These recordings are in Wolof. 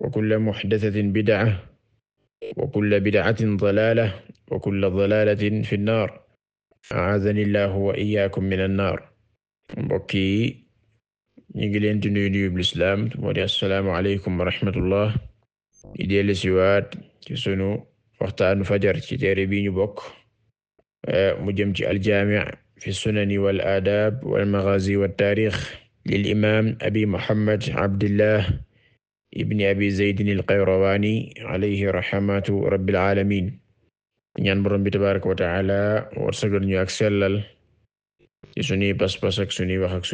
wa kulla muxdasatin bidca wa kulla bidcatin dalaala wa kulla dalaalatin fi nnaar acaazani llahu wa iyaakum min annaar mbokk yi ñu ngi leen di nuyu nuyub lislaam moo di assalaamu aleykum wa rahmatullah di dellu siwaat ci sunu waxtaanu fajar ci téere bi ñu bokk eh, mu jëm ci aljaamic fi sunani wal aadaab wal magaazi wat taarix lil imaam abi muhammad abdillah ibni abi zeydin al-Qayrawaani alayhi rahmatu rabbil aalamiin bi tabaaraka wa ta'aala warsagal ñu ak sellal ci sunuy pas-pas ak sunuy wax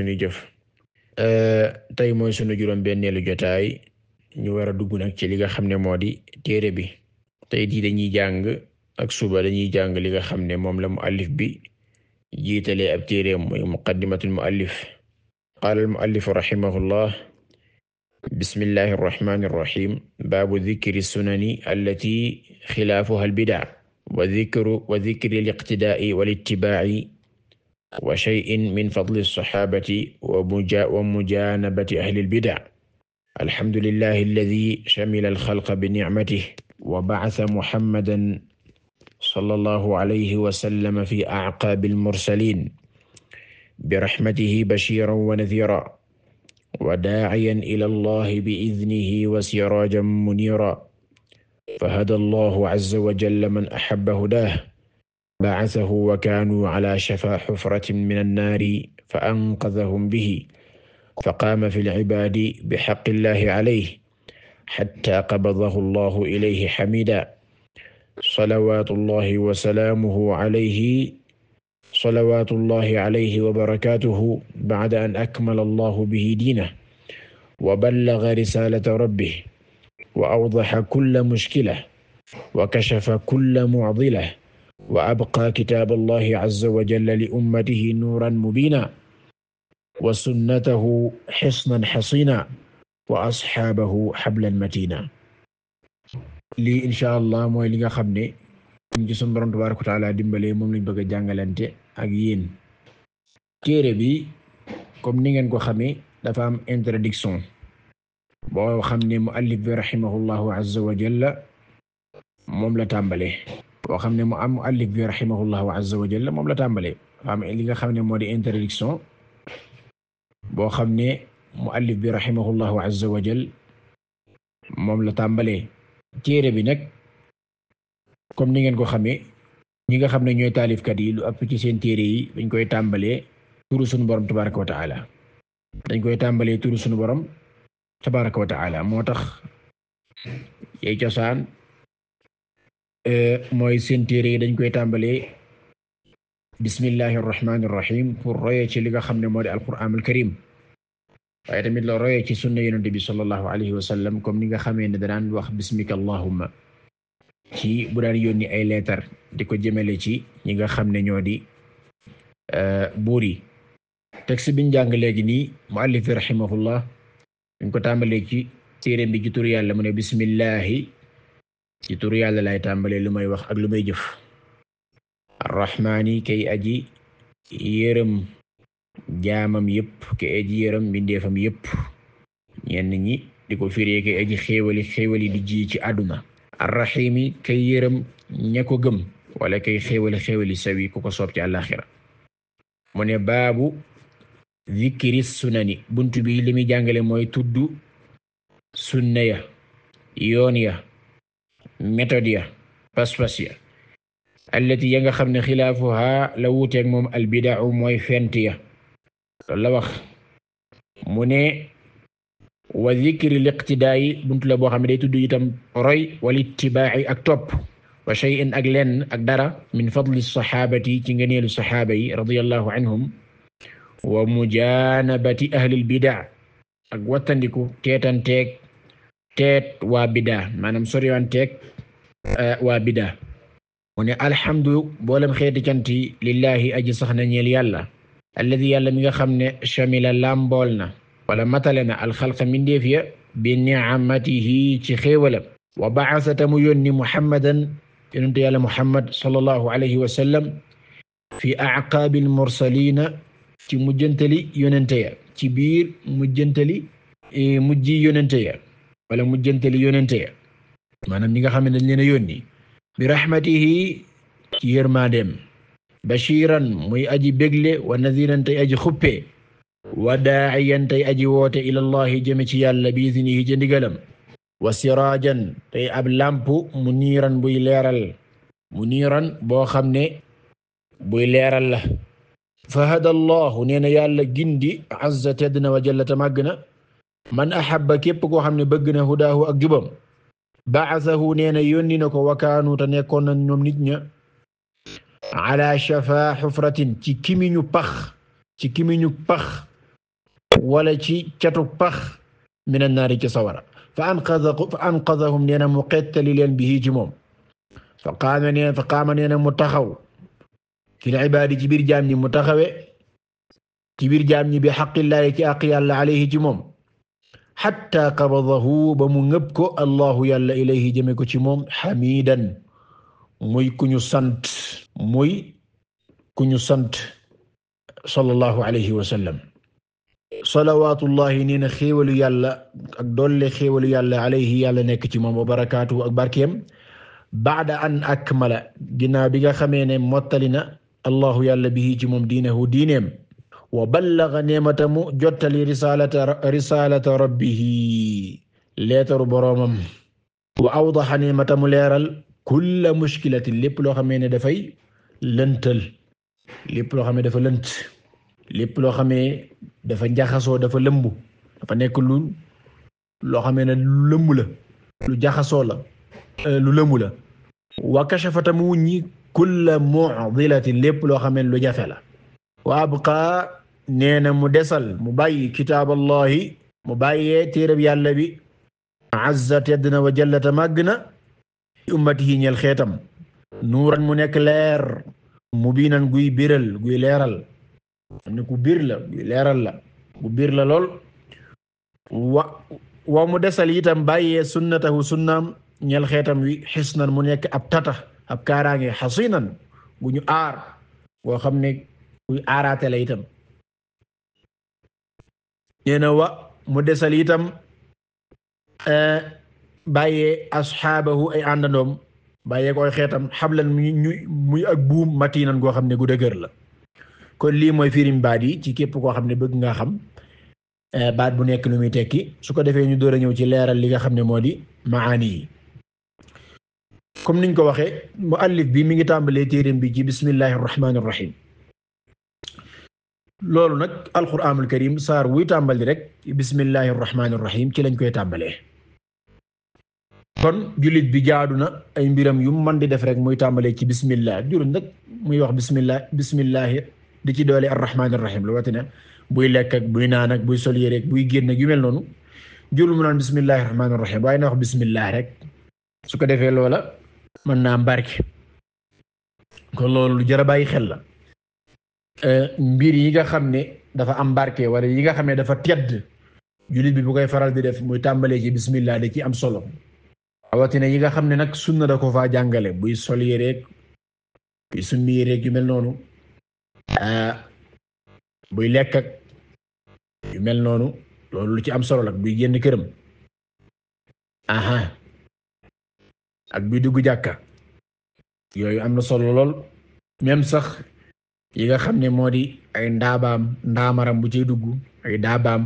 ak mooy sunu juróom-benneelu jotaay ñu war a dugg nag ci li nga xam ne moo di téere bi tey jii dañuy jàng ak suba dañuy jàng li nga xam ne moom la muallif bi jiitale ab téere mooy muqaddimatul muallif qaala al-muallif bismillahi irrahmani irrahim baabu dikri sunani allati xilaafuha albidaa wa dikru wa dikri liqtidaai walittibaai wa cheyin min fadli alsaxaabati wa mujanabati ahli albidaa alhamdulillahi alladi camila alxalqa binicmatih wa bacasa muhammadan sallallahu alayhi wa sallam fi acqaabi almursalin birahmatihi bashiran wa nadira وداعيا إلى الله بإذنه وسراجا منيرا فهدى الله عز وجل من أحب هداه بعثه وكانوا على شفا حفرة من النار فأنقذهم به فقام في العباد بحق الله عليه حتى قبضه الله إليه حميدا صلوات الله وسلامه عليه salawaatullahi alayhi wa barakaatuhu bacda an akmala allahu bihi diinahu wa ballaga risaalata rabbihi wa awdaxa kulla mushkilatin wa kashafa kulla mucdilatin wa abqaa kitaaba allahi cazza wa jalla li ummatihi nuuran mubiinan wa sunnatahu xisnan xasiinan wa asxaabahu xablan matiinan lii incha allah mooy li nga xam ne ñu ci sunu Boroom tabaaraka wa taala dimbalee moom lañ bëgg a jàngalante ak yéen téere bi comme ni ngeen ko xamee dafa am introduction boo xam ne muallif bi rahimahullahu azza wa jalla moom la tàmbale boo xam ne mu am muallif bi rahimahullahu azza wa jalla moom la tàmbale dafa li nga xam ne moo di introduction boo xam ne muallif bi rahimahullahu azza wa la tàmbale téere bi nag comme ni ngeen ko xamee ñi nga xam ne ñooy taalifkat yi lu ëpp ci seen téere yi dañ koy tàmbalee turu sunu borom tabaraka wa taala dañ koy tàmbalee turu sunu borom tabaraka wa taala moo tax yey cosaan e, mooy seen téere yi dañ koy tàmbalee bismillahi arrahmani irrahim pour roye ci li nga xam ne moo di alquran al karim waaye tamit la roye ci sunna yonente bi sallallahu alayhi wa sallam comme ni nga xamee ne danaan wax bismika allahumma ci bu daan yónni ay leetar di ko jëmale ci ñi nga xam ne ñoo di euh, buur yi texte biñ jàng léegi nii muallif bi ko tàmbalee ci téeréem bi ci yàlla mu ne bismillahi ci yàlla lay tàmbalee lu may wax ak lu may jëf arrahmaani kay aji yërëm jaamam yëpp kay aji yërëm mbindeefam yëpp ñenn ñi di ko firee kay aji xéewali xéewali di ji ci àdduna arrahimi kay yërëm ña ko gëm wala kay xéewali xéewali sawi ku ko soob ci mu ne baabu zikri sunani bunt bi li muy jàngale mooy tudd sunna ya yoon ya méthode ya pas-pas ya allati ya xam ne xilaafuha la wuuteeg moom albidau mooy fent ya loolu la mu ne wa zikri liqtidaayi buntu la boo xam ne day tudd itam roy wal ittibaa'i ak topp wa shay'in ak lenn ak dara min fadli saxaabati ci ngëneelu saxaaba yi radiyallahu anhum wa mujaanabati ahlil bidaa ak wattandiku teetanteeg maanaam soriwanteeg eh, waa bidaa mu ne sax yàlla yàlla mi nga xam ne shamila lambool na wala matale na alxalqa mindeef ya bi ni'amatihi ci xéewalam wa ba'asa ta mu yónni muhammadan yonentu yàlla muhammad sallallahu alayhi wa sallam fi aqaabil mursalina ci mujjantali yonente ya ci biir mujjantali e, mujji yonente ya wala mujjantali yonente ya maanaam ñi nga xam ne dañ leen a yónni bi rahmatihi ci yërmandeem bashiran muy aji bégle wa nadiran tey aji xuppe wa daaciyan tey aji woote ila llahi jëme ci yàlla bi idnihi ca ndigalam wa siraajan tey ab làmp mu niiran buy leeral mu boo xam ne buy leeral la fa hada allahu nee na yàlla gindi azza tedd na wa jalla ta màgg na man ahabba képp koo xam ne bëgg na hudaahu ak jubam baasahu nee na yónni na ko wakaanu te nekkoon na ñoom nit ña ala shafa xufratin ci kimiñu pax ci kimiñu pax wala ci catu pax mina naari ci sawara fa anqada fa anqadahum mu xettali leen bi ci moom fa qaama nee na mu taxaw fil ibaadi ci biir jaam ñi mu taxawe ci biir jaam ñi bi xaqillaahi ci àq yàlla alayhi ci moom xatta qabadahu ba mu ngëb ko allahu yàlla ilayhi jëme ko ci moom xamidan muy ku ñu sant muy ku ñu sant sallallahu alayhi wa salawaatullahi nee na xéewalu yàlla ak dolle xéewalu yàlla alayhi yàlla nekk ci moom wa barakaatu ak baada an akmala ginnaaw bi nga xamee ne mottali na allahu yàlla bihi ci moom diinahu diineem wa ballaga neemata mu jottali risalata risalata leetaru boroomam wa awdaxa neemata mu leeral kulla mushkilatin lépp loo xamee ne dafay lëntal lépp loo xamee dafa lënt lépp loo xamee dafa jaxasoo dafa lëmb dafa nekk lu loo xamee ne lu lëmb la lu jaxasoo la euh, lu lëmb la wa kashafa tam wu ñi kulla mudilatin lépp loo xamee lu jafe la wa abqa nee na mu desal mu bàyyi kitaaballahi mu bàyyee téereb yàlla bi azza tedd na wa jallata màgg na ummatihi ñel xeetam nuuran mu nekk leer mubinan guy biral guy leeral xam ne ku biir la leeral la ku biir la lool wa wa mu desal itam bàyyee sunnatahu sunnaam ñel xeetam wi xisnan mu nekk ab tata ab kaaraange xasinan gu ñu aar boo xam ne kuy aaraate la itam nee wa mu desal itam eh, bàyyee asxaabahu ay àndandoom bàyyee koy xeetam xablan muy ak buum matiinan goo xam ne gu dëgër la kon lii mooy firim baat yi ci képp koo xam ne bëgg nga xam eh, baat bu nekk lu muy tekki su ko defee ñu door a ñëw ci leeral li nga xam ne moo di maani yi comme niñ ko waxee muallif bi mi ngi tàmbalee téeréem bi ci bismillahi rahmaani rahim loolu nag alquranul karim saar wuy tàmbali rek bismillahi rahmaani rahim ci lañ koy tàmbalee kon jullit bi jaadu na ay mbiram yu mu mën di def rek muy tàmbalee ci bismillah jurul nag muy wax bismillah bismillahi di ci doole arrahmaan arrahim lu wati ne buy lekk buy naan buy sol yére buy génn ak mel noonu jurul mu naan bismillahi rahmaani rahim waaye na wax bismillah rek su ko defee loola mën naa barke kon loolu lu jar a bàyyi xel la eh, mbir yi nga xam ne dafa am barke wala yi nga xam ne dafa tedd jullit bi bu koy faral di def muy tàmbalee ci bismillah da ci am solo rawatina yi nga xam ne nag sunna da ko faa jàngale buy sol yéreeg buy summi yéreeg yu mel noonu Ah, buy lekk yu mel noonu loolu lu ci am solo la buy génn këram aha ak buy dugg jàkka yooyu am na solo lool même sax yi nga xam ne moo di ay ndaabaam ndaamaram bu ciy dugg ay daabaam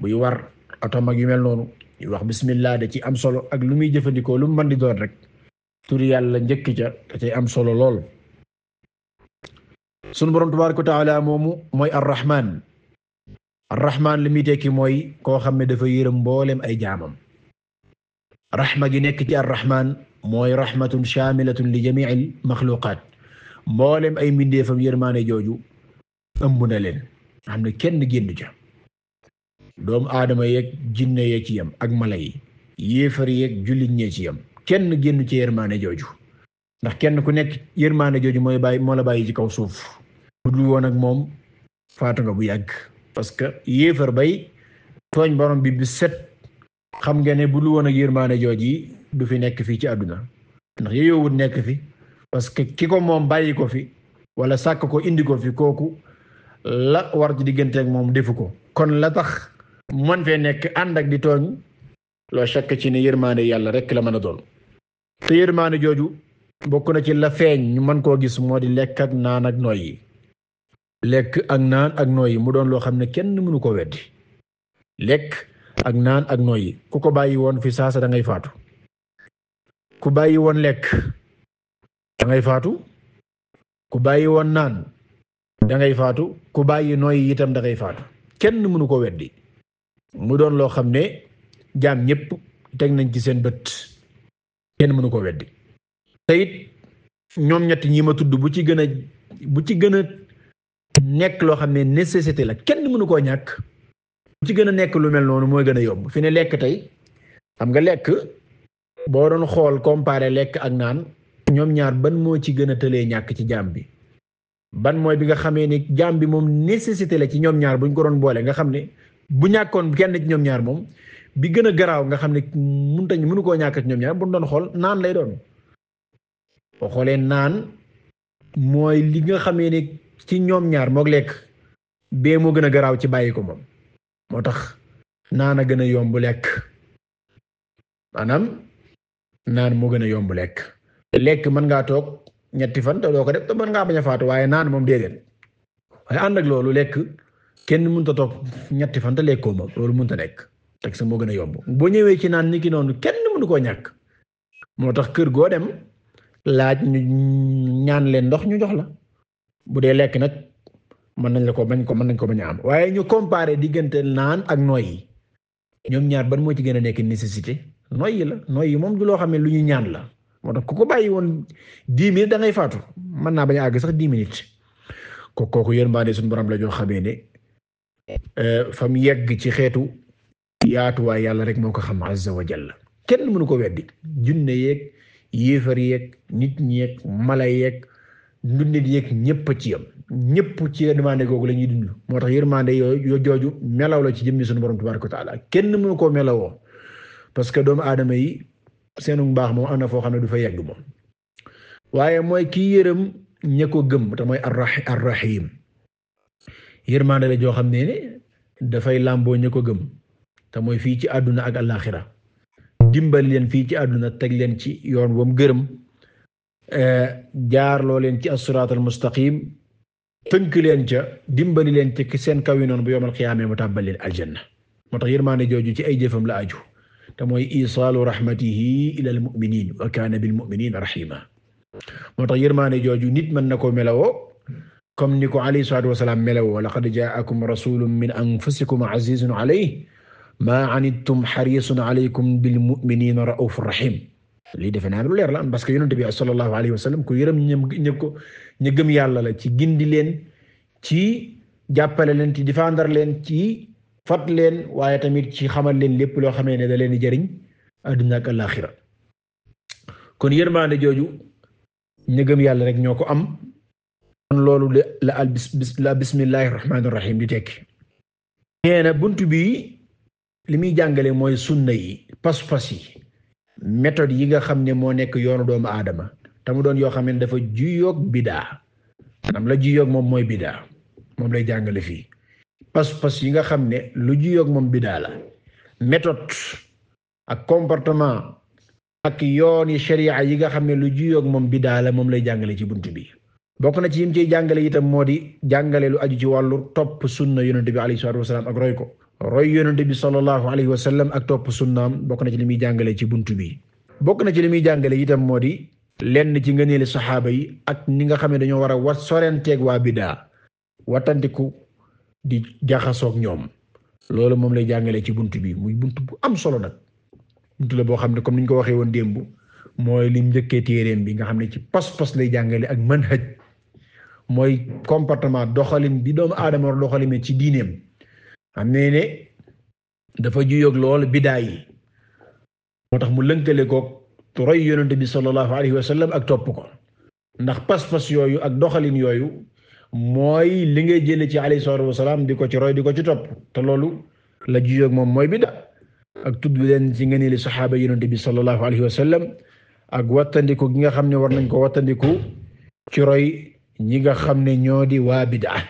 buy war atom ak yu mel noonu yu wax bismillah da ci am solo ak lu muy jëfandikoo lu mu mën di doon rek turi yàlla njëkk ca da am solo lool sunu borom tabaaraka wa taala moomu mooy arrahman arrahman la muy mooy koo xam ne dafa yërëm mbooleem ay jaamam rahma gi nekk ci arrahman mooy rahmatun shaamilatun li jamiil maxluqaat mbooleem ay mbindeefam yërmaane jooju ëmb na leen xam ne kenn génn ca doomu aadama yeeg jinne yee ci yam ak mala yi yéefar yeeg jullit ñee ci yam kenn génn ci yërmaane jooju ndax kenn ku nekk yërmaane jooju mooy bàyyi moo la bàyyi ci kaw suuf budul woon ak moom faatu nga bu yàgg parce que yéefar bay tooñ borom bi bi set xam nga ne budul woon ak yërmaane jooj yi du fi nekk fii ci àdduna ndax yeyowut nekk fi parce que ki ko moom bàyyi ko fi wala sàkk ko indi ko fi kooku la war ci diggante moom defu ko kon la tax man fee nekk ànd ak di tooñ loo chakk ci ne yërmaande yàlla rek la mën a doon te yërmaande jooju bokk na ci la feeñ ñu mën koo gis moo di lekk ak naan ak noyyi lekk ak naan ak nooyi mu doon loo xam ne kenn mënu ko weddi ak naan ak nooyi ku ko bàyyi woon fi da ngay faatu ku bàyyi lekk da faatu ku bàyyi woon naan da faatu ku bàyyi nooyi itam da ngay kenn mënu ko weddi mu doon loo xam ne jaam ñépp teg nañ ci seen bët kenn mënu ko weddi te ñoom ñett ñi ma tudd bu ci gën bu ci gën a nekk loo xam ne nécessité la kenn mënu koo ñàkk lu ci gën a nekk lu mel noonu mooy gën a yomb fi ne lekk tey xam nga lekk boo doon xool comparé lekk ak naan ñoom ñaar ban moo ci gën a tëlee ñàkk ci jaam bi ban mooy bi nga xamee ni jaam bi moom nécessité la ci ñoom ñaar buñ ko doon boole nga xam ne bu ñàkkoon kenn ci ñoom ñaar moom bi gën a garaaw nga xam ne mënut a mënu koo ñàkk ci ñoom ñaar bu doon xool naan lay doon boo xoolee naan mooy li ci ñoom ñaar moog lekk bee moo gën a garaaw ci bàyyi ko moom moo tax naan a gën a yomb lekk maanaam naan moo gën a yomb lekk lekk mën ngaa toog ñetti fan te doo ko def te mën ngaa bañ a faatu waaye naan moom déedéet waaye ànd ak loolu lekk kenn mënut a toog ñetti fan te lekkoo moom loolu mënut a nekk teg sa moo gën a yomb boo ñëwee ci naan ni ki noonu kenn mënu koo ñàkk moo tax kër goo dem laaj ñu ñaan leen ndox ñu jox la bu dee lekk nag mën nañ la ko bañ ko mën nañ ko bañ am waaye ñu comparer diggante naan ak yi ñoom ñaar ban moo ci gën a nekk nécessité noyyi la yi moom du loo xam ne lu ñu ñaan la moo tax ku ko bàyyi woon dix minutes da ngay faatu mën naa bañ a àgg sax dix minutes ko kooku yéen baa ne suñu borom la joo xamee ne euh, fa yegg ci xeetu yaatuwaay yàlla rek moo ko xam azza wa jalla kenn mënu ko weddi junne yeeg yéefar yeeg nit ñeeg mala yeeg ndundin yeeg ñëpp ci yam ñëpp ci yërmande googu la ñuy dund moo tax yërmande yoo jooju melaw la ci jëmmi suñu borom tabaraka taala kenn mënu koo melawoo parce que doomu aadama yi seenu mbaax moom am na foo xam ne du fa yegg moom waaye mooy kii yërëm ña ko gëm te mooy arrahim yërmande la joo xam ne dafay làmboo ña ko gëm te mooy fii ci àdduna ak àllaaxira dimbal leen fii ci àdduna teg leen ci yoon wam gërëm jaarloo leen ci as-siraatal mustaqim tënk leen ca dimbali leen ci seen kaw yi noonu bu yawmal qiyaamee mu tàbbalil aljanna moo tax yërmaane jooju ci ay jëfam la aju te mooy isaalu rahmatihi ilal mu'miniin wa kaana bil mu'miniina rahiima moo tax yërmaane jooju nit mën na koo melawoo comme ni ko alayhi salaatu wa salaam melawoo laqad jaa'akum rasuulun min anfusikum aziizun alayhi maa anittum hariisun alaykum bil mu'miniina ra'uufun rahiim lii defe naa lu leer la am parce que yonent bi sallallahu alayhi wa sallam ku yërëm ñëm ñë ko ña gëm yàlla la ci gindi leen ci jàppale leen ci défendre leen ci fat leen waaye tamit ci xamal leen lépp loo xamee ne da leen di jariñ àdduna ak alaaxira kon yërmaande jooju ña yàlla rek ñoo ko am loolu la al bis la bismillahi di tekki nee bunt bi li muy jàngale mooy sunna yi pas-pas yi méthode yi nga xam ne moo nekk yoonu doomu aadama te mu doon yoo xam ne dafa juyoog bidaa maanaam la juyoog moom mooy bidaa moom lay jàngale fii pas-pas yi nga xam ne lu juyoog moom bidaa la méthode ak comportement ak yoon yi sharia yi nga xam ne lu juyoog moom bidaa la moom lay jàngale ci bunt bi bokk na ci yim ciy jàngale itam moo di jàngale lu aju ci wàllu topp sunna yonent bi alayhi salaatu wasalaam ak roy ko roy yonente bi sallallahu alayhi wa sallam ak topp sunnaam bokk na ci li muy jàngale ci buntu bi bokk na ci li muy jàngale itam moo di lenn ci nga ngëneeli saxaaba yi ak ni nga xam ne dañoo war a wat sorenteeg waa biddaa watandiku di jaxasoog ñoom loolu moom lay jàngale ci bunt bi muy bunt bu am solo nag buntu la boo xam ne comme ni ñu ko waxee woon démb mooy lim njëkkee téeréem bi nga xam ne ci pas-pas lay jàngale ak manhaj mooy comportement doxalin bi doomu aadama war doxalin ci diineem xam ne ne dafa juyoog lool bidaa yi moo tax mu lënkale koog roy yonente bi sallallahu alayhi wa sallam ak topp ko ndax pas-pas yooyu ak doxalin yooyu mooy li ngay jële ci alayhi salaatu wasalaam di ko ci roy di ko ci topp te loolu la juyoog moom mooy bida ak tudd leen ci ngeen li saxaaba yonente bi sallallahu alayhi wa sallam ak wattandiku gi nga xam ne war nañ ko wattandiku ci roy ñi nga xam ne ñoo di waa bidaa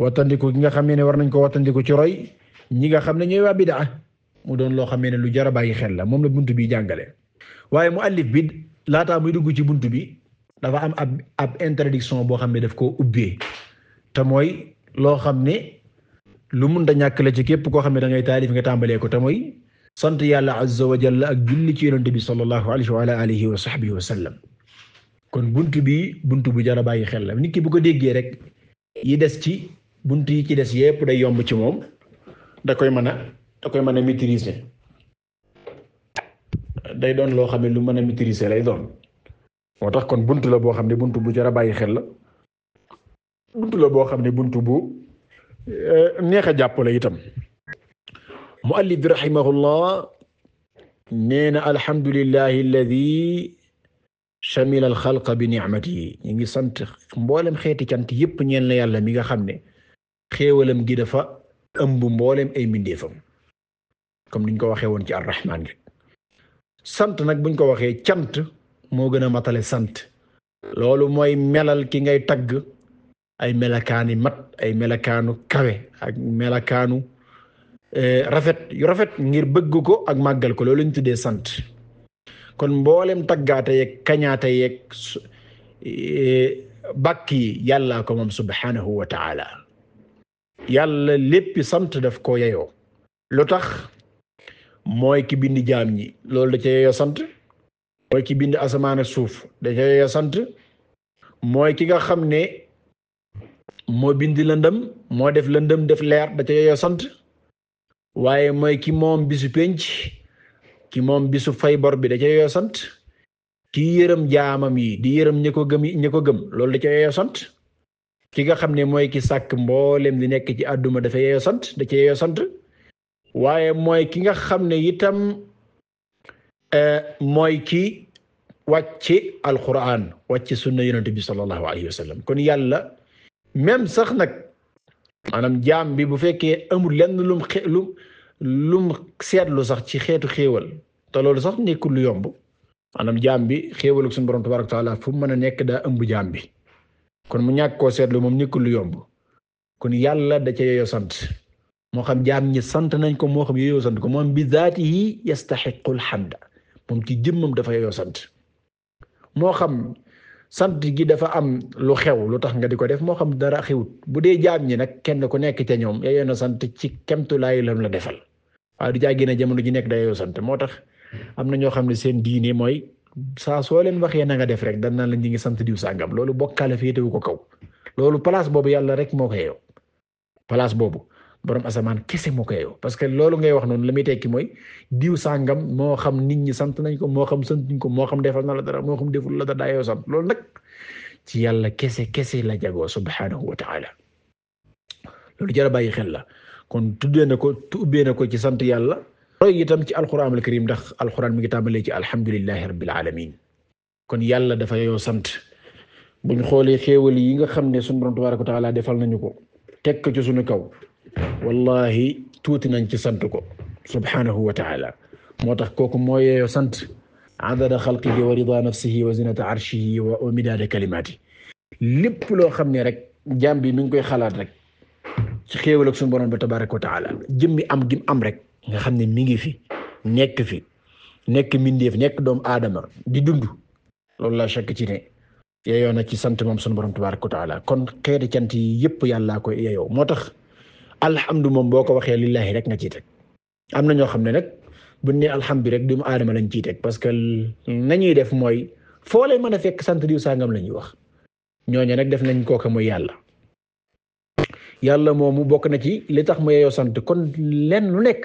wattandiku ki nga xam ne war nañ ko wattandiku ci roy ñi nga xam ne ñooy waa a mu doon loo xam ne lu jar bàyyi xel la moom la bunt bi jàngale waaye mu allif bi laataa muy dugg ci buntu bi dafa am ab ab interdiction boo xam ne daf koo ubbee te mooy loo xam ne lu mun ñàkk la ci képp koo xam ne da ngay taalif nga tàmbalee ko te mooy sant yàlla azza wa jalla ak julli ci yonent bi sallallahu alayhi wa alihi wa sahbihi wa sallam kon buntu bi bu jar a bàyyi xel la nit ki bu ko déggee rek yi des ci bunt yi ci des yépp day yomb ci moom da koy mën a da koy mën a maîtriser day doon loo xam ne lu mën a maîtriser lay doon moo tax kon bunt la boo xam ne buntu bu jar a bàyyi xel la bunt boo xam ne bunt bu eh, neex a jàpp la itam muallif bi rahimahullah nee na alhamdulillahi alladi shamila alxalqa bi nicmatihi ñu ngi sant mboolem xeeti cant yépp ñeen la yàlla mi nga xam ne xéewalam gi dafa ëmb mboolem ay mbindeefam comme niñ ko waxee woon ci arrahman gi sant nag buñ ko waxee cant moo gën a matale sant loolu mooy melal ki ngay tagg ay melakaani mat ay melakaanu kawe ak melakaanu eh, rafet yu rafet ngir bëgg ko ak màggal ko loolu ñu tuddee sant kon mboolem taggaate yeeg kañaate yeeg eh, bàkk yi yàllaa ko moom subhanahu yàlla léppi sant def ko yeyoo lu tax mooy ki bind jaam ñi loolu da ca yeyoo sant mooy ki bind asamaan ak suuf da ca yeyoo sant mooy ki nga xam ne moo bind lëndëm moo def lëndëm def leer da ca yeyoo sant waaye mooy ki moom bisu pénc ki moom bisu fay bor bi da ca yeyoo sant ki yërëm jaamam yi di yërëm ñi ko gëm ñi ko gëm loolu da ca yeyoo sant ki nga xam ne mooy ki sàkk mboolem li nekk ci àdduma dafa yeeyoo sant da ci yeeyoo sant waaye mooy ki nga xam ne itam eh, mooy ki wàcci alquran wàcci sunna yonent bi sallallahu alayhi wa sallam kon yàlla même sax nag maanam jaam bi bu fekkee amul lenn lum xe lum seetlu sax ci xeetu xéewal te loolu sax nekkul lu yomb maanaam jaam bi xéewal ak suñu borom tabaraka taala fu mu mën a nekk daa ëmb jaam bi kon mu ñàkk koo seetlu moom nekkul lu yomb kon yàlla da ca yeyoo sant moo xam jaam ñi sant nañ ko moo xam yeyoo sant ko moom bi zaatihi yastaxiqul xamda moom ci jëmmam dafa yeyoo moo xam sant gi dafa am lu xew lu tax nga di ko def moo xam dara xewut bu dee jaam ñi nag kenn ku nekk ca ñoom yeyoo na sant ci kemtulaayu lam la defal waaye du jaagee ne jamono ji nekk da yeyoo sant moo tax am na ñoo xam ne seen diine mooy saa soo leen waxee na nga def rek dan la ñu ngi sant diw sàngam loolu bokkaale féetewu ko kaw loolu place boobu yàlla rek moo ko yeyoo place boobu borom asamaan kese moo ko yeyoo parce que loolu ngay wax noonu la muy tekki mooy diw sàngam moo xam nit ñi sant nañ ko moo xam santuñ ko moo xam defal na la dara moo xam deful la dara daa yoo sant loolu nag ci yàlla kese kese la jagoo subhanahu wa taala loolu jar a bàyyi xel la kon tuddee na ko ubbee na ko ci sant roy itam ci alxuraan al ndax alxuraan mi ngi tàmbalee ci alhamdulillahi rabbil alamin kon yàlla dafa sant buñ xoolee xéewal yi nga xam ne sunu borom defal nañu ko teg ci suñu kaw wallahi tuuti nañ ci sant ko subhanahu wa moo tax kooku mooy yoo sant adada xalqihi wa rida nafsihi wa zinata arshihi wa midaada kalimaati lépp loo xam ne rek jaam bi mi ngi koy xalaat rek ci xéewal ak sunu tabaaraka wa taala am gim am rek nga xam ne mi ngi fi nekk fi nekk mbindeef nekk doomu aadama di dund loolu la chakk ci ne yeeyoo na ci sant moom sunu borom tabaaraka wa kon xeeti cant yi yëpp yàllaa koy yeeyoo moo tax alhamdu moom boo ko waxee lillahi rek nga ciy teg am na ñoo xam ne nag buñ ne alhamdu rek doomu aadama lañ ciy teg parce que nañuy def mooy foo leen mën a fekk sant diw sangam la ñuy wax ñooñu nag def nañ kooka muy yàlla yàlla moomu bokk na ci li tax mu yeeyoo sant lu nekk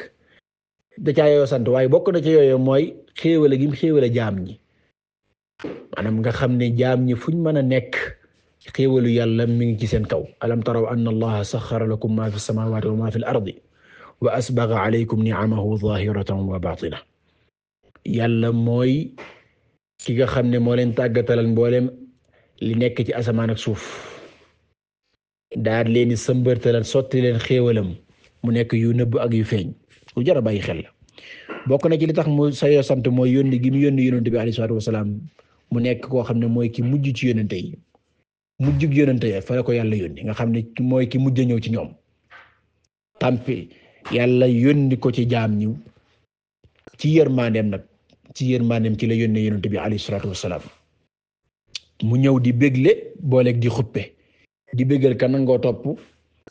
da caa yoo sant waaye bokk na ci yooyu mooy xéewale gi mu xéewale jaam ñi maanaam nga xam ne jaam ñi fuñ mën a nekk xéewalu yàlla mi ngi ci seen kaw alam taraw anna allaha saxara lakum maa fi samawati wa maa fi l ardi wa asbaga alaykum yàlla mooy ki nga xam ne moo leen tàggatalal mboolem li nekk ci asamaan ak suuf daad leen di sëmbërtalal sotti leen xéewalam mu nekk yu nëbb ak yu feeñ lu jar a bàyyi xel la bokk na ci li tax mu sayoo sant mooy yónni gi mu yónni yonent bi alayhi salaatu wasalaam mu nekk koo xam ne mooy ki mujj ci yonent yi mujjug yonent ya fa ko yàlla yónni nga xam ne mooy ki mujj ñëw ci ñoom tampi yàlla yónni ko ci jaam ñi ci yërmandeem nag ci yërmandeem ci la yónnee yonent bi alayhi salaatu wasalaam mu ñëw di bégle booleeg di xuppe di bégal kan nangoo topp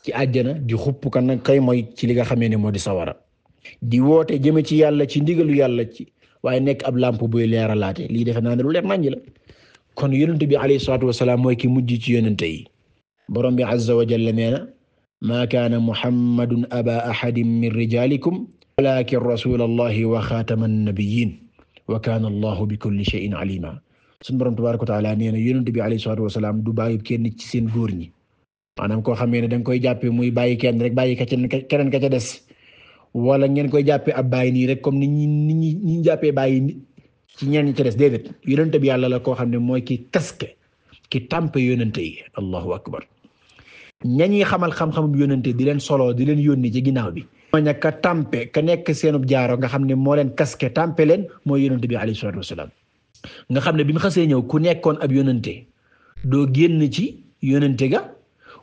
ci àjjana di xupp kan nag kay mooy ci li nga xamee ne moo di sawara di woote jëme ci yàlla ci ndigalu yàlla ci waaye nekk ab bu buy leeralaate lii defe naa ne lu leer naññ la kon yonent bi alayhi salaatu ki mujj ci yonent yi borom bi azza wa jalla nee na maa kaana muhammadun aba ahadin min rijalikum walakin rasul allahi wa xaatama nnabiyin wa kaana allahu bi kulli shay'in alima suñu borom tabaraka wa taala nee na yonent bi alayhi salaatu wasalaam du bàyyi kenn ci seen góor ñi maanaam koo xamee ne da nga koy jàppe muy bàyyi kenn rek bàyyi ka ca keneen wala ngeen koy jàppee ab bàyyi nii rek comme ni ñi ni ñi ñi jàppee bàyyi ci ñenn ñi ci des déedéet yonente bi yàlla la koo xam ne mooy ki kaske ki tàmpe yonente yi allahu akbar ñi xamal xam-xamam yonente di leen solo di leen yónni ci ginnaaw bi ñooña ka tàmpe ka nekk seenub jaaro nga xam ne moo leen kaske tàmpe leen mooy yonente bi alayhi salatu wasalaam nga xam ne bi mu xasee ñëw ku nekkoon ab yonente doo génn ci yonente ga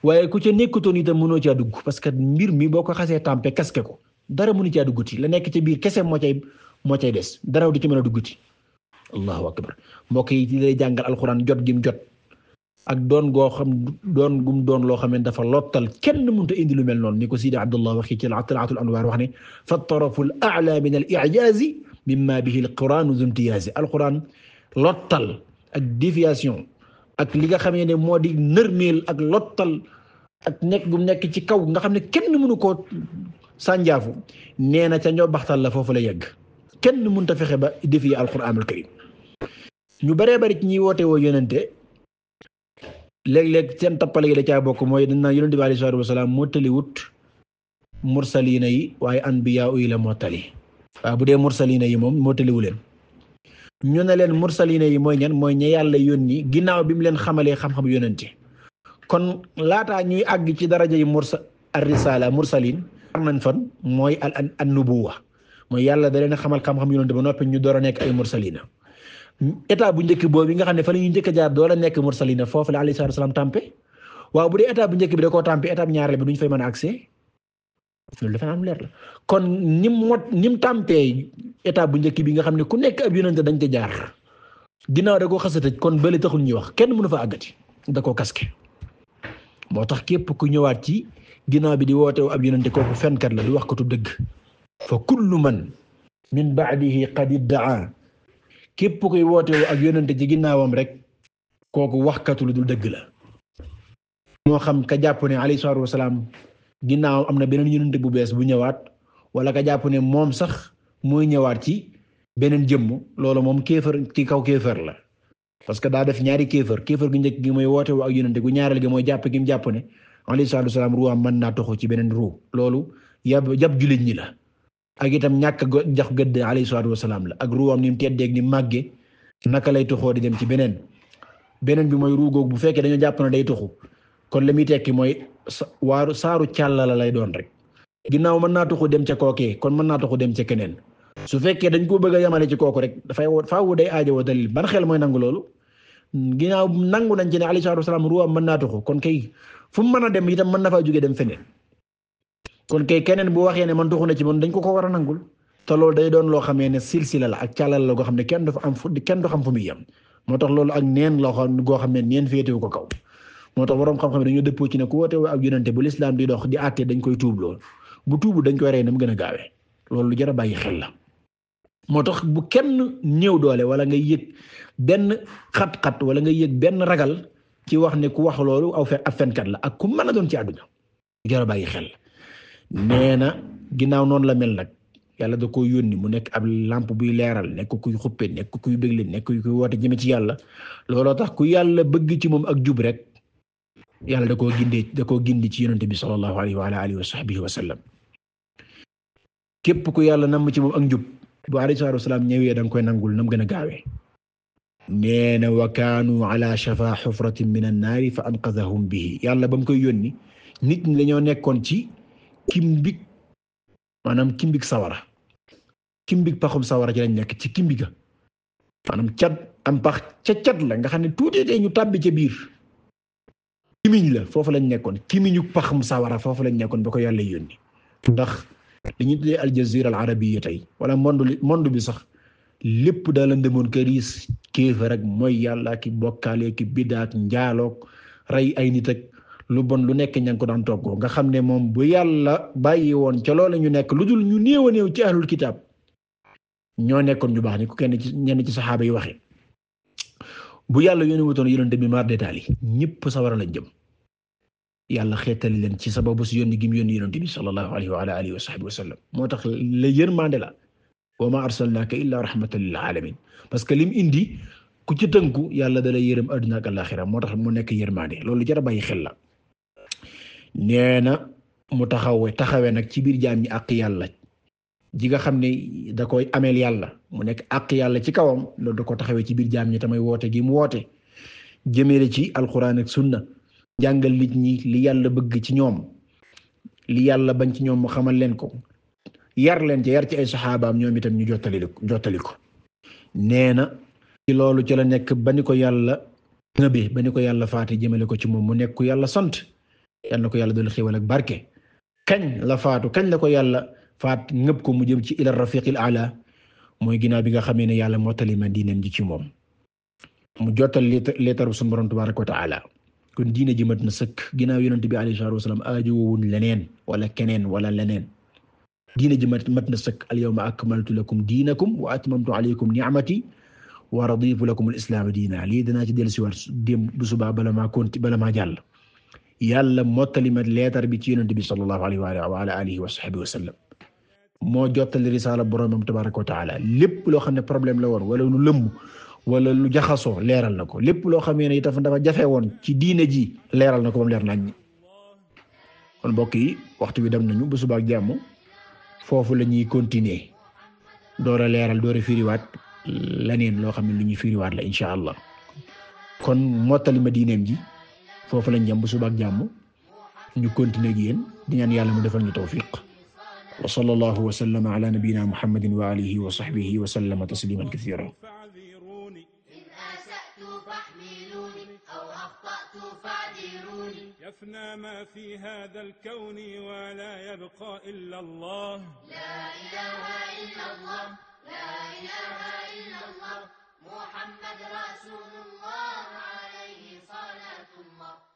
waaye ku ca nekkutoon itam mënoo caa dugg parce que mbir mi boo ko xasee tàmpe kaske ko dara mënu caa dugguti la nekk ci biir kese moo cay moo cay des daraw di ci mën a dugguti allahu akbar mbokk yi ci lay jàngal alxuraan jot gim jot ak doon goo xam doon gum doon loo xam ne dafa lottal kenn mënta indi lu mel noon ni ko Sidi Abdullah waxi ci Talaatul Anwaar fa tarafu l ala min al ijaazi mimma bihi l lottal ak déviation ak li nga xam ne moo di nërmeel ak lottal ak nekk gum nekk ci kaw nga xam ne kenn mënu koo sànjaafu nee na ca ñoo baxtal la foofu la yegg kenn mënta fexe ba défier alquranul karim ñu baree bari ci ñiy woote woo yonente léeg-léeg seen tappale yi da caa bokk mooy dañ naan yonente bi alei salatu wasalaam moo taliwut mursalina yi waaye anbiya yi la moo tali bu dee mursalina yi moom moo taliwu leen ñu ne leen mursalina yi mooy ñan mooy ña yàlla yoon yónni ginnaaw bi mu leen xamalee xam-xam yónente kon laataa ñuy àgg ci daraja yi mursa ar risala am nañ fan mooy al an nubuwa mooy yàlla da leen a xamal xam-xam yonent ba noppi ñu door a nekk ay mursalina état bu njëkk boobu yi nga xam ne fa la ñuy njëkk jaar door a nekk mursalina foofu la alayhi salaam tàmpe waaw bu dee état bu njëkk bi da koo tàmpe état ñaareel bi duñ fay a dafa am leer kon ni mu mot ni mu tàmpee état bu njëkk bi nga xam ne ku nekk ab yonent dañ ca jaar ginnaaw da koo xas a tëj kon bële taxul ñuy wax kenn mënu fa àggati da koo kaske moo tax képp ku ñëwaat ci ginnaaw bi di wootewu ab yonente kooku fenkat la di wax ko tu dëgg fa kullu man min baadihi qad iddaa képp koy wootewu ak yonente ci ginnaawam rek kooku waxkatu lu dul dëgg la moo xam ka jàpp ne alayhi salaatu wasalaam ginnaawam am na beneen yonente bu bees bu ñëwaat wala ka jàpp ne moom sax mooy ñëwaat ci beneen jëmm loolu moom kéefër ci kaw kéefër la parce que daa def ñaari kéefër kéefër gu njëkk gi mooy wootewu ak yonente gu ñaareel gi mooy jàpp gi mu jàpp ne alayhi salaatu wasalaam ruwaam mën naa toxu ci beneen ruu loolu yab yab jullit ñi la ak itam ñàkk a jax gëdd alayhi salaatu wasalaam la ak ruwaam ni mu teddeeg ni màggee naka lay toxoo di dem ci beneen beneen bi mooy ruu googu bu fekkee dañoo jàpp na day toxu kon li muy tekki mooy waaru saaru càlla la lay doon rek ginnaaw mën naa toxu dem ca kookee kon mën naa toxu dem ca keneen su fekkee dañ koo bëgg a yamale ci kooku rek dafay faawu day aajowoo dalil ban xel mooy nangu loolu ginnaaw nangu nañ ci ne alayhi salaatu wasalaam mën naa toxu kon fu mu mën a dem itam mën na faa jógee dem feneen kon kay keneen bu waxee ne man tuxu na ci man dañ ko ko war a nangul te loolu day doon loo xamee ne silsila la ak caalal la goo xam ne kenn du fa am kenn du xam fu muy yem moo tax ak neen loo xam goo xam ne neen féetewu ko kaw moo tax borom xam-xam dañoo dëppoo ci ne ku woote woo ak yonente bu lislaam di dox di àttee dañ koy tuub bu dañ koy rey na mu gën a gaawee loolu lu jar a bàyyi xel la moo tax bu kenn néew doole wala ngay yëg benn xat-xat wala nga yëg benn ragal ci wax ne ku wax loolu aw fe ab fenkat la ak ku mën a doon ci àdduna jara bàyyi xel nee ginnaaw noonu la mel nag yàlla da ko yónni mu nekk ab làmp buy leeral nekk kuy xuppe nekk kuy bégle nekk kuy woote jëme ci yàlla looloo tax ku yàlla bëgg ci moom ak jub rek yàlla da koo gindee da koo gindi ci yonente bi sallallahu alayhi wa alihi wa sahbihi wa sallam képp ku yàlla namm ci moom ak njub bu alayhi salaatu wasalaam ñëwee da nga koy nangul nam gën a gaawee nee na wa kaanu ala shafa xufratin min annaari fa anqadahum bihi yàlla ba mu koy yónni nit ñi dañoo nekkoon ci kimbig maanaam kimbig sawara kimbig paxum sawara ci lañ nekk ci kimbika maanaam cat am pax ca cat la nga xam ne tuuti tey ñu tàbbi ca biir kimiñ la foofu lañ nekkoon kimiñu paxum sawara foofu lañ nekkoon ba ko yàlla yónni ndax li ñu tuddee aljazira tey wala monde bi sax lépp daala ndemoon këriis kéefe rek mooy yàlla ki bokkaale ki bidaak njaaloog rey ay nit ak lu bon lu nekk ñan ngi ko daan toggoo nga xam ne moom bu yàlla bàyyi woon ca loola ñu nekk lu dul ñu néew a néew ci ahlul kitaab ñoo nekkoon ñu baax ni ku kenn ci ñenn ci saxaaba yi waxee bu yàlla yónni wutoon yonente bi mar détaal yi ñëpp sawara lañ jëm yàlla xeetali leen ci sababu si yónni gi mu yónni yonente bi sallallahu alayhi wa alihi wa sahbihi wa sallam moo tax la yërmande la wa ma arsalnaaka illa rahmatan lil alamin parce que lim indi ku ci tënku yàlla da lay yërëm àdduna ak àllaxira moo tax mu nekk yërmaande loolu jar a bàyyi xel na mu taxawe taxawee nag ci biir jaam ñi àq yàlla ji nga xam ne da koy ameel yàlla mu nekk àq yàlla ci kawam loolu da ko taxawee ci biir jaam ñi tamay woote gi mu woote jëmele ci alquran ak sunna jàngal nit ñi li yàlla bëgg ci ñoom li yàlla bañ ci ñoom mu xamal leen ko yar leen ci yar ci ay saxaabaam ñoom itam ñu jottali jottali ko nee na ci loolu ci la nekk ba ni ko yàlla ngëbe ba ni ko yàlla faate jëmale ko ci moom mu nekk yàlla sant yal na ko yàlla dool xéewal ak barke kañ la faatu kañ la ko yàlla faat ngëb ko mu jëm ci ila rafiqil ala mooy ginnaaw bi nga xamee ne yàlla mottali ma diineem ji ci moom mu jottal leetar bu sunu borom tabaaraka wa taala kon diine ji mat na sëkk ginnaaw yonent bi alayhi salaatu wasalaam aajowuñ leneen wala keneen wala leneen diine ji mat mat na sëkk al yawma akmaltu lakum diinakum wa atmamtu alaykum ni'mati wa raditu lakum al islaama diina lii danaa ci dellusiwaat démb bu subaa bala maa konti bala maa jàll yàlla mottali ma leetar bi ci yonent bi sallallahu alayhi wa ala alihi wa sahbihi wa sallam moo jottali risaala boroomam tabaraka wa taala lépp loo xam ne problème la woon wala lu lëmm wala lu jaxasoo leeral na ko lépp loo xamee ne itam dafa jafe woon ci diine ji leeral na ko ba mu leer nañ kon mbokk yi waxtu bi dem nañu bu subaa ak jàmm foofu la ñuy continuer door a leeral door a firiwaat leneen loo xam ne lu ñuy firiwaat la incha allah kon mottali diineem ji foofu lañ jëm bu suba ak jàmm ñu continuer ak yéen di ñaan yàlla mu defal ñu tawfiq wa sallallahu wa sallama ala nabiyyina muhammadin wa alihi wa sahbihi wa sallama tasliman kathira يفنى ما في هذا الكون ولا يبقى إلا الله لا إله إلا الله لا إله إلا الله محمد رسول الله عليه صلاة الله